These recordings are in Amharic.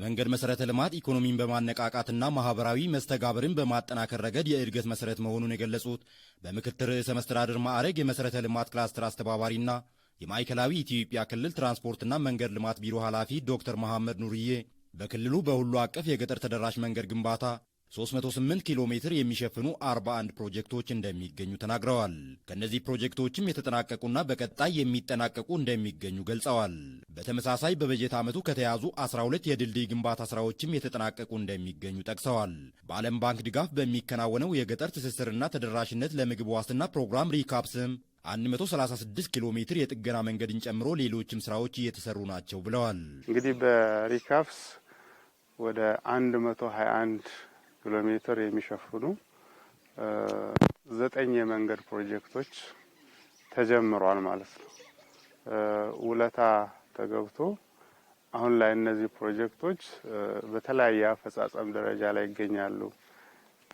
የመንገድ መሰረተ ልማት ኢኮኖሚን በማነቃቃትና ማህበራዊ መስተጋብርን በማጠናከር ረገድ የእድገት መሰረት መሆኑን የገለጹት በምክትል ርዕሰ መስተዳድር ማዕረግ የመሰረተ ልማት ክላስተር አስተባባሪና የማዕከላዊ ኢትዮጵያ ክልል ትራንስፖርትና መንገድ ልማት ቢሮ ኃላፊ ዶክተር መሐመድ ኑርዬ በክልሉ በሁሉ አቀፍ የገጠር ተደራሽ መንገድ ግንባታ 308 ኪሎ ሜትር የሚሸፍኑ 41 ፕሮጀክቶች እንደሚገኙ ተናግረዋል። ከእነዚህ ፕሮጀክቶችም የተጠናቀቁና በቀጣይ የሚጠናቀቁ እንደሚገኙ ገልጸዋል። በተመሳሳይ በበጀት ዓመቱ ከተያዙ 12 የድልድይ ግንባታ ስራዎችም የተጠናቀቁ እንደሚገኙ ጠቅሰዋል። በዓለም ባንክ ድጋፍ በሚከናወነው የገጠር ትስስርና ተደራሽነት ለምግብ ዋስትና ፕሮግራም ሪካፕስም 136 ኪሎ ሜትር የጥገና መንገድን ጨምሮ ሌሎችም ስራዎች እየተሰሩ ናቸው ብለዋል። እንግዲህ በሪካፕስ ወደ 121 ኪሎ ሜትር የሚሸፍኑ ዘጠኝ የመንገድ ፕሮጀክቶች ተጀምሯል ማለት ነው። ውለታ ተገብቶ አሁን ላይ እነዚህ ፕሮጀክቶች በተለያየ አፈጻጸም ደረጃ ላይ ይገኛሉ።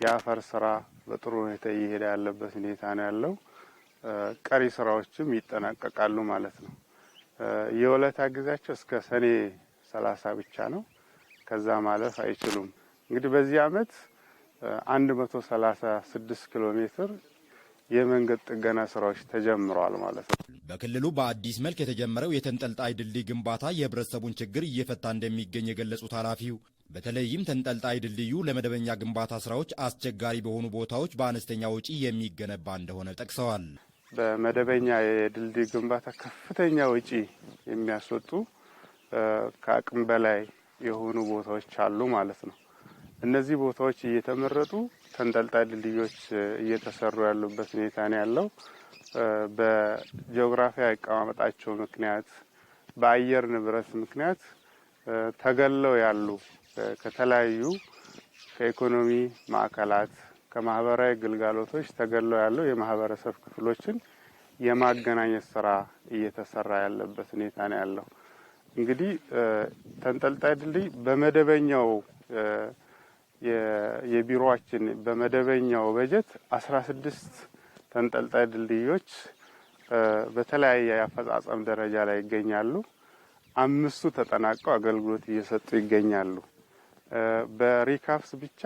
የአፈር ስራ በጥሩ ሁኔታ እየሄደ ያለበት ሁኔታ ነው ያለው። ቀሪ ስራዎችም ይጠናቀቃሉ ማለት ነው። የውለታ ጊዜያቸው እስከ ሰኔ ሰላሳ ብቻ ነው። ከዛ ማለፍ አይችሉም። እንግዲህ በዚህ አመት 136 ኪሎ ሜትር የመንገድ ጥገና ስራዎች ተጀምረዋል ማለት ነው። በክልሉ በአዲስ መልክ የተጀመረው የተንጠልጣይ ድልድይ ግንባታ የህብረተሰቡን ችግር እየፈታ እንደሚገኝ የገለጹት ኃላፊው በተለይም ተንጠልጣይ ድልድዩ ለመደበኛ ግንባታ ስራዎች አስቸጋሪ በሆኑ ቦታዎች በአነስተኛ ወጪ የሚገነባ እንደሆነ ጠቅሰዋል። በመደበኛ የድልድይ ግንባታ ከፍተኛ ወጪ የሚያስወጡ ከአቅም በላይ የሆኑ ቦታዎች አሉ ማለት ነው። እነዚህ ቦታዎች እየተመረጡ ተንጠልጣይ ድልድዮች እየተሰሩ ያሉበት ሁኔታ ነው ያለው። በጂኦግራፊ አቀማመጣቸው ምክንያት፣ በአየር ንብረት ምክንያት ተገለው ያሉ ከተለያዩ ከኢኮኖሚ ማዕከላት ከማህበራዊ ግልጋሎቶች ተገለው ያሉ የማህበረሰብ ክፍሎችን የማገናኘት ስራ እየተሰራ ያለበት ሁኔታ ነው ያለው። እንግዲህ ተንጠልጣይ ድልድይ በመደበኛው የቢሮችን በመደበኛው በጀት አስራ ስድስት ተንጠልጣይ ድልድዮች በተለያየ የአፈጻጸም ደረጃ ላይ ይገኛሉ። አምስቱ ተጠናቀው አገልግሎት እየሰጡ ይገኛሉ። በሪካፍስ ብቻ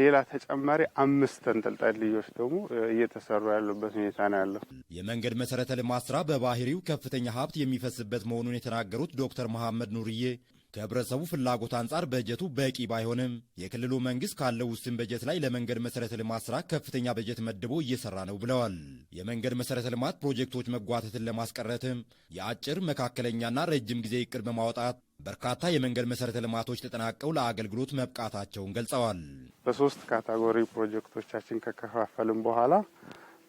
ሌላ ተጨማሪ አምስት ተንጠልጣይ ድልድዮች ደግሞ እየተሰሩ ያሉበት ሁኔታ ነው ያለው። የመንገድ መሰረተ ልማት ስራ በባህሪው ከፍተኛ ሀብት የሚፈስበት መሆኑን የተናገሩት ዶክተር መሐመድ ኑርዬ ከህብረተሰቡ ፍላጎት አንጻር በጀቱ በቂ ባይሆንም የክልሉ መንግስት ካለው ውስን በጀት ላይ ለመንገድ መሰረተ ልማት ስራ ከፍተኛ በጀት መድቦ እየሰራ ነው ብለዋል። የመንገድ መሰረተ ልማት ፕሮጀክቶች መጓተትን ለማስቀረትም የአጭር መካከለኛና ረጅም ጊዜ እቅድ በማውጣት በርካታ የመንገድ መሰረተ ልማቶች ተጠናቀው ለአገልግሎት መብቃታቸውን ገልጸዋል። በሶስት ካታጎሪ ፕሮጀክቶቻችን ከከፋፈልም በኋላ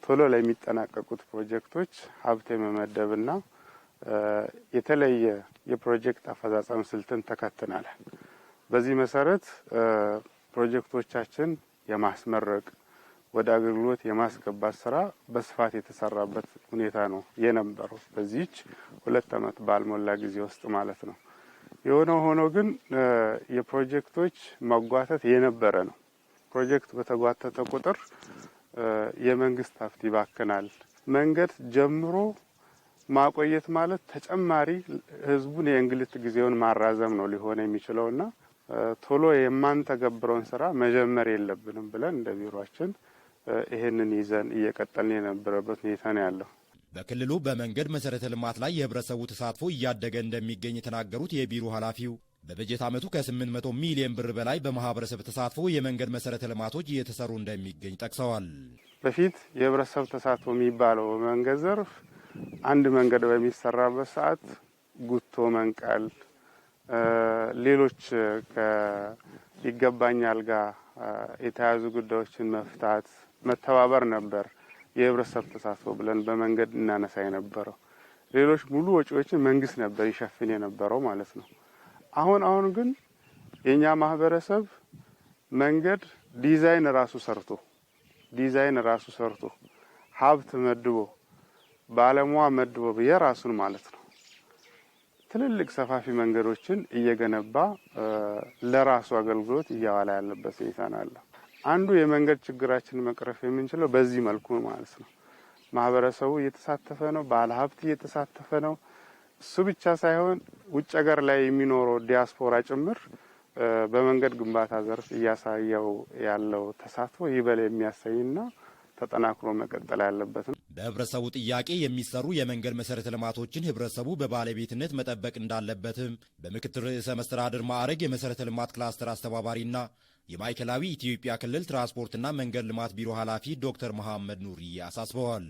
ቶሎ ለሚጠናቀቁት ፕሮጀክቶች ሀብት የመመደብና የተለየ የፕሮጀክት አፈጻጸም ስልትን ተከትናል። በዚህ መሰረት ፕሮጀክቶቻችን የማስመረቅ ወደ አገልግሎት የማስገባት ስራ በስፋት የተሰራበት ሁኔታ ነው የነበረው በዚች ሁለት ዓመት ባልሞላ ጊዜ ውስጥ ማለት ነው። የሆነ ሆኖ ግን የፕሮጀክቶች መጓተት የነበረ ነው። ፕሮጀክት በተጓተተ ቁጥር የመንግስት ሀብት ይባክናል። መንገድ ጀምሮ ማቆየት ማለት ተጨማሪ ህዝቡን የእንግልት ጊዜውን ማራዘም ነው ሊሆን እና ቶሎ የማንተገብረውን ስራ መጀመር የለብንም ብለን እንደ ቢሮችን ይህንን ይዘን እየቀጠልን የነበረበት ሁኔታ ነው ያለው። በክልሉ በመንገድ መሰረተ ልማት ላይ የህብረተሰቡ ተሳትፎ እያደገ እንደሚገኝ የተናገሩት የቢሮ ኃላፊው በበጀት ዓመቱ ከ800 ሚሊዮን ብር በላይ በማህበረሰብ ተሳትፎ የመንገድ መሰረተ ልማቶች እየተሰሩ እንደሚገኝ ጠቅሰዋል። በፊት የህብረተሰብ ተሳትፎ የሚባለው በመንገድ ዘርፍ አንድ መንገድ በሚሰራበት ሰዓት ጉቶ መንቀል፣ ሌሎች ከይገባኛል ጋር የተያዙ ጉዳዮችን መፍታት፣ መተባበር ነበር የህብረተሰብ ተሳትፎ ብለን በመንገድ እናነሳ የነበረው። ሌሎች ሙሉ ወጪዎችን መንግስት ነበር ይሸፍን የነበረው ማለት ነው። አሁን አሁን ግን የኛ ማህበረሰብ መንገድ ዲዛይን ራሱ ሰርቶ ዲዛይን ራሱ ሰርቶ ሀብት መድቦ ባለሙያ መድቦ ብዬ ራሱን ማለት ነው ትልልቅ ሰፋፊ መንገዶችን እየገነባ ለራሱ አገልግሎት እያዋላ ያለበት ሁኔታ ነው ያለው። አንዱ የመንገድ ችግራችን መቅረፍ የምንችለው በዚህ መልኩ ማለት ነው። ማህበረሰቡ እየተሳተፈ ነው፣ ባለሀብት እየተሳተፈ ነው። እሱ ብቻ ሳይሆን ውጭ ሀገር ላይ የሚኖረው ዲያስፖራ ጭምር በመንገድ ግንባታ ዘርፍ እያሳየው ያለው ተሳትፎ ይበል የሚያሳይና ተጠናክሮ መቀጠል ያለበት ነው። ለህብረተሰቡ ጥያቄ የሚሰሩ የመንገድ መሰረተ ልማቶችን ህብረተሰቡ በባለቤትነት መጠበቅ እንዳለበትም በምክትል ርዕሰ መስተዳድር ማዕረግ የመሰረተ ልማት ክላስተር አስተባባሪና የማዕከላዊ ኢትዮጵያ ክልል ትራንስፖርትና መንገድ ልማት ቢሮ ኃላፊ ዶክተር መሐመድ ኑሪ አሳስበዋል።